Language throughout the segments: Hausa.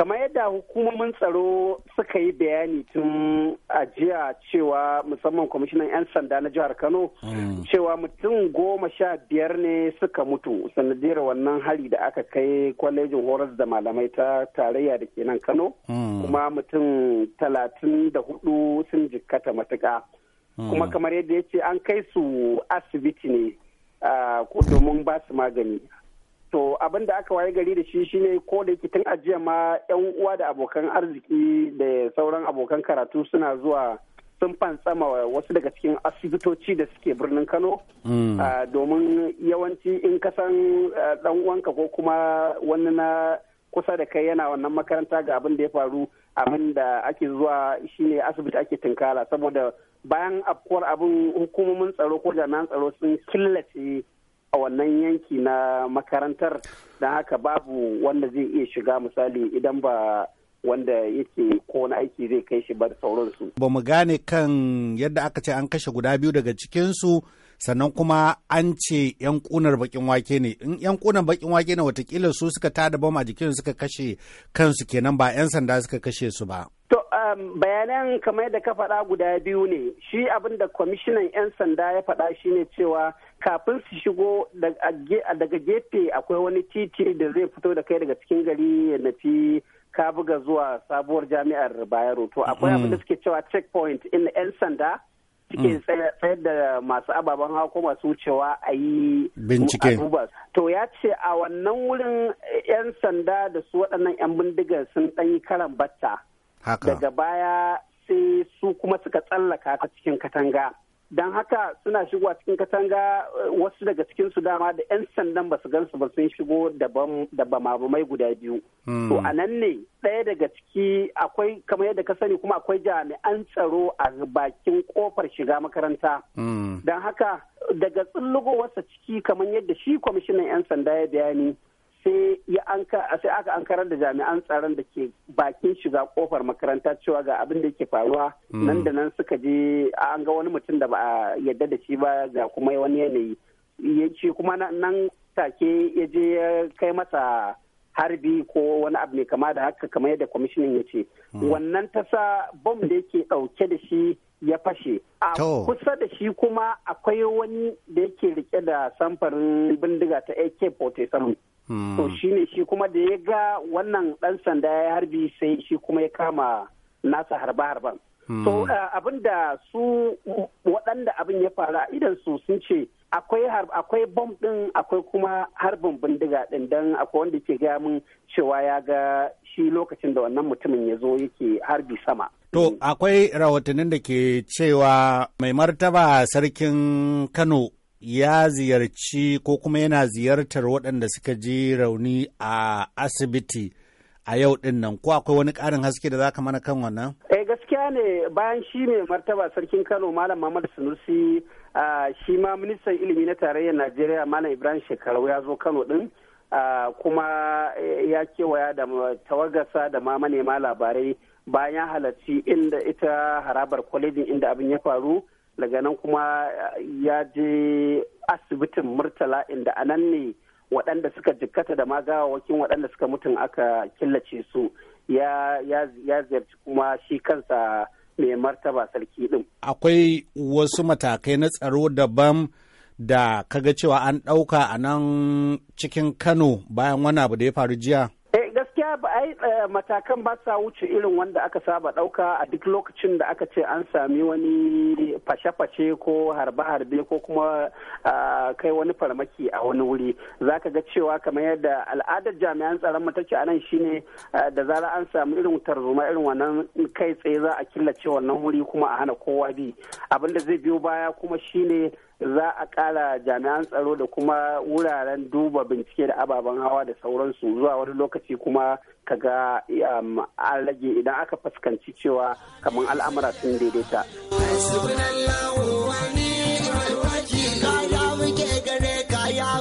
kamar yadda hukumomin tsaro suka yi bayani tun ajiya cewa musamman kwamishinan 'yan sanda na jihar kano hmm. cewa mutum goma sha biyar ne suka mutu sanadiyar wannan hari da aka kai kwalejin horas da malamai ta tarayya da ke nan kano hmm. kuma mutum talatin da hudu sun jikkata matuka hmm. kuma kamar yadda ya ce an kai su asibiti ne ah, domin ba su magani to abin da aka waye gari da shi shine ko da yake tun ajiya ma yan uwa da abokan arziki da sauran abokan karatu suna zuwa sun fantsama wasu daga cikin asibitoci da suke birnin kano mm. domin yawanci in kasan san dan uwanka ko kuma wani na kusa da kai yana wannan makaranta ga abin da ya faru abin da ake zuwa shine asibiti ake tinkala saboda bayan afkuwar abin hukumomin tsaro ko jami'an tsaro sun killace a wannan yanki na makarantar don haka babu wanda zai iya shiga misali idan ba wanda yake ko wani aiki zai kai shi ba da sauransu. Ba mu gane kan yadda aka ce an kashe guda biyu daga cikinsu sannan kuma an ce 'yan kunar bakin wake ne. In 'yan kunar bakin wake ne watakila su suka tada bom a jikin suka kashe kansu kenan ba 'yan sanda suka kashe su ba. Um, bayanan kamar da ka faɗa guda biyu ne shi abin da kwamishinan 'yan sanda ya faɗa ne cewa kafin su shigo daga gefe akwai wani titi da zai fito da kai daga cikin gari ya nafi kabuga zuwa sabuwar jami'ar bayero to akwai abin da mm. suke cewa checkpoint in 'yan sanda suke mm. tsayar da masu ababen hawa ko masu wucewa a yi bincike to ya ce a wannan wurin 'yan sanda da su waɗannan 'yan bindigar sun ɗanyi karan batta daga baya sai su kuma suka tsallaka a cikin katanga don haka suna shigowa cikin katanga wasu daga cikin su dama da 'yan sandan ba basu gansu ba sun shigo da bamabamai guda biyu hmm. to a nan ne ɗaya daga ciki akwai kamar yadda ka sani kuma akwai jami'an tsaro a bakin kofar shiga makaranta hmm. don haka daga wasa ciki kamar yadda shi kwamishinan 'yan sanda ya bayani sai ya sai aka ankarar da jami'an tsaron da ke bakin shiga kofar makaranta cewa ga abin da yake faruwa hmm. nan da nan suka je an ga wani mutum da ba a yadda da shi ba ga kuma wani yanayi ya ce kuma nan take ya je ya kai masa harbi ko wani abu ne kama da haka kamar yadda kwamishinan ya ce hmm. wannan ta sa bom da yake dauke da shi ya fashe a kusa da shi kuma akwai wani da yake rike da samfarin bindiga ta ak-47 to hmm. shine shi kuma da ya ga wannan dan sanda ya harbi sai shi kuma ya kama nasa harba-harban so hmm. eh, abin da su waɗanda abin ya faru a idan su sun ce akwai akwai bom din akwai kuma harbin bindiga din dan akwai wanda ke gaya min cewa ya ga shi lokacin da wannan mutumin ya zo yake harbi sama To, akwai rahotannin da ke cewa mai martaba sarkin Kano ya ziyarci ko kuma yana ziyartar waɗanda suka ji rauni a asibiti a yau ɗin nan ko akwai wani ƙarin haske da za ka mana kan wannan? Eh gaskiya ne bayan shi ne martaba sarkin Kano Malam Muhammad Sanusi shi ma ministan ilimi na tarayyar Najeriya Malam Ibrahim Shekarau ya zo Kano ɗin kuma eh, ya kewaya da tawagasa da ma manema labarai bayan halarci inda ita harabar kwalejin inda abin ya faru daga nan kuma eh, ya je asibitin murtala inda anan ne waɗanda suka jikkata da magawakin waɗanda suka mutum aka killace su ya ziyarci kuma shi kansa mai martaba sarki ɗin. akwai wasu matakai na tsaro daban da kaga cewa an ɗauka a nan cikin kano bayan wani abu da ya faru jiya ai eh, matakan ba sa wuce irin wanda aka saba ɗauka a duk lokacin da aka ce an sami wani fashe-fashe ko harbe-harbe ko kuma kai wani farmaki a wani wuri za ka ga cewa kamar yadda al'adar jami'an tsaron mu take a nan shine eh, da zara an sami irin tarzoma irin wannan kai tsaye za a killace wannan wuri kuma a hana kowa bi abin da zai biyo baya kuma shine za a ƙara jami'an tsaro da kuma wuraren duba bincike da ababen hawa da sauransu zuwa wani lokaci kuma ka um, an rage idan aka fuskanci cewa kamar al'amura sun daidaita.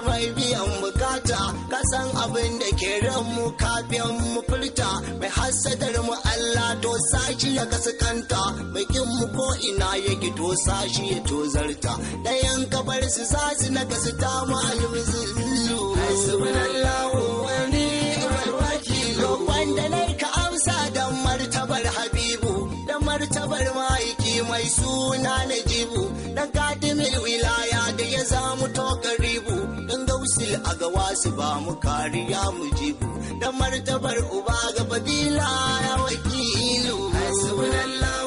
mai biyan bukata kasan abin da ke ranmu kafin mu furta hasadar mu Allah to sashi ya kanta bikin mu ko ina ya gido sashi ya tozarta ɗayan kabar su sasu na ta mu alwazillu hasbunallahu wani ni'mal wakil wanda nai ka amsa dan martabar habibu da martabar mahaiki mai suna najibu dan mai wilaya a ga wasu ba mu kariya mu ku da martabar uba ga fadila ya wakilu. Hasbunallah.